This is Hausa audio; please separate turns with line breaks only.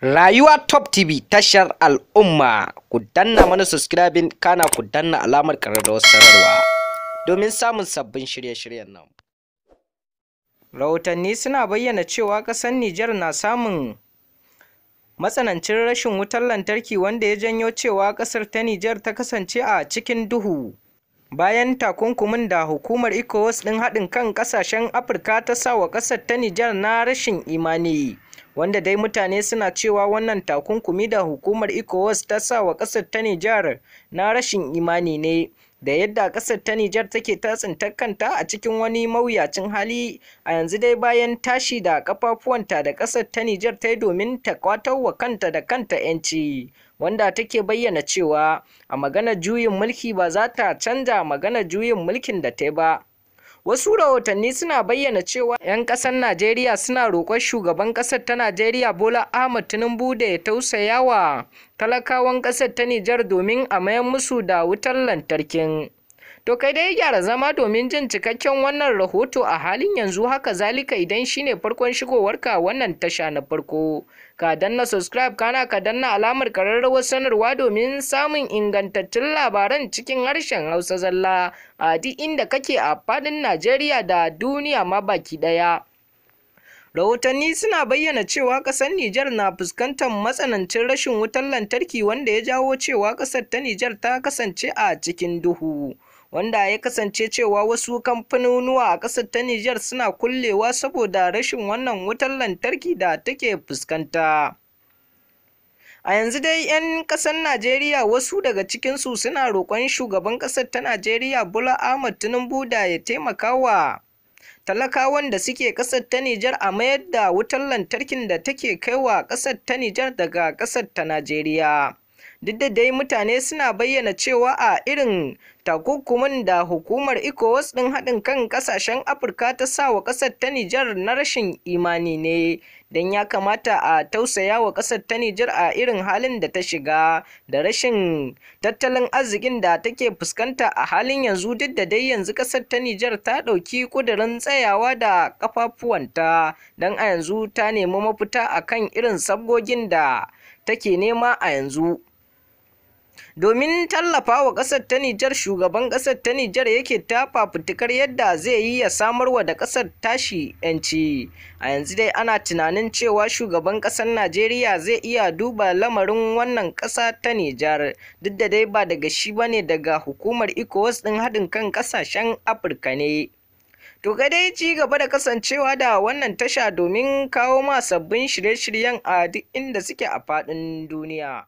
Rayuwa Top TV tashar al'umma ku danna mana subscribing kana ku danna alamar ƙararrawar sararwa, domin samun sabbin shirye-shiryen nan. Rahotanni suna bayyana cewa ƙasar Niger na samun matsanancin rashin wutar lantarki wanda ya janyo cewa ƙasar ta Nijar ta kasance a cikin duhu. Bayan takunkumin da hukumar ECOWAS ɗin haɗin kan ƙasashen Afirka ta sa wa ƙasar ta Nijar na rashin imani. wanda dai mutane suna cewa wannan takunkumi da hukumar ecowas ta sa wa ƙasar ta nijar na rashin imani ne da yadda ƙasar ta nijar take tatsintar kanta a cikin wani mawuyacin hali a yanzu dai bayan tashi da kafafuwanta da ƙasar ta nijar ta yi domin ta kwatar wa kanta da kanta 'yanci wanda take bayyana cewa a maganar juyin mulki ba za ta canza maganar juyin mulkin da ta ba Wasu rahotanni suna bayyana cewa 'yan ƙasar Najeriya suna roƙon shugaban ƙasar ta Najeriya Bola Ahmad Tinubu da ya tausaya wa talakawan ƙasar ta Nijar domin a mayar musu da wutar lantarkin. To kai dai gyara zama domin jin cikakken wannan rahoto a halin yanzu haka zalika idan shine farkon shigowarka wannan tasha na farko. Ka danna subscribe kana ka danna alamar kararrawar sanarwa domin samun ingantattun labaran cikin harshen Hausa zalla a duk inda kake a fadin Najeriya da duniya ma baki daya. rahotanni suna bayyana cewa kasar Nijar na fuskantar matsanancin rashin wutar lantarki wanda ya jawo cewa kasar ta Nijar ta kasance a cikin duhu. wanda ya kasance cewa wasu kamfanonuwa a ƙasar ta Nijar suna kullewa saboda rashin wannan wutar lantarki da take fuskanta. A yanzu dai 'yan ƙasar Najeriya wasu daga cikinsu suna roƙon shugaban ƙasar ta Najeriya Bola Ahmad Tinubu da ya taimaka wa talakawan da suke ƙasar ta Nijar a mayar da wutar lantarkin da take kaiwa ƙasar ta Nijar daga ƙasar ta Najeriya. duk da dai mutane suna bayyana cewa a irin takunkumin da hukumar ecowas din haɗin kan ƙasashen afirka ta sa wa ƙasar ta nijar na rashin imani ne don ya kamata a tausaya wa ƙasar ta nijar a irin halin da ta shiga da rashin tattalin arzikin da take fuskanta a halin yanzu duk da dai yanzu ƙasar ta nijar ta ɗauki ƙudurin tsayawa da ƙafafuwanta don a yanzu ta nemi mafita a kan irin sabgogin da take nema a yanzu domin tallafa wa ƙasar ta Nijar shugaban ƙasar ta Nijar yake ta fafutukar yadda zai yi ya samarwa da ƙasar tashi yanci a yanzu dai ana tunanin cewa shugaban ƙasar Najeriya zai iya duba lamarin wannan ƙasa ta Nijar duk da dai ba daga shi ba ne daga hukumar ECOWAS ɗin haɗin kan ƙasashen Afirka ne. To ga dai ci gaba da kasancewa da wannan tasha domin kawo ma sabbin shirye-shiryen a duk inda suke a faɗin duniya.